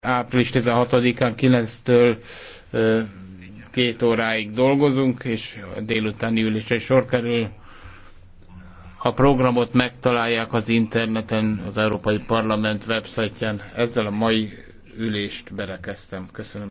április 16-án 9-től két óráig dolgozunk, és a délutáni ülésre sor kerül. A programot megtalálják az interneten, az Európai Parlament websájtján. Ezzel a mai ülést berekeztem. Köszönöm.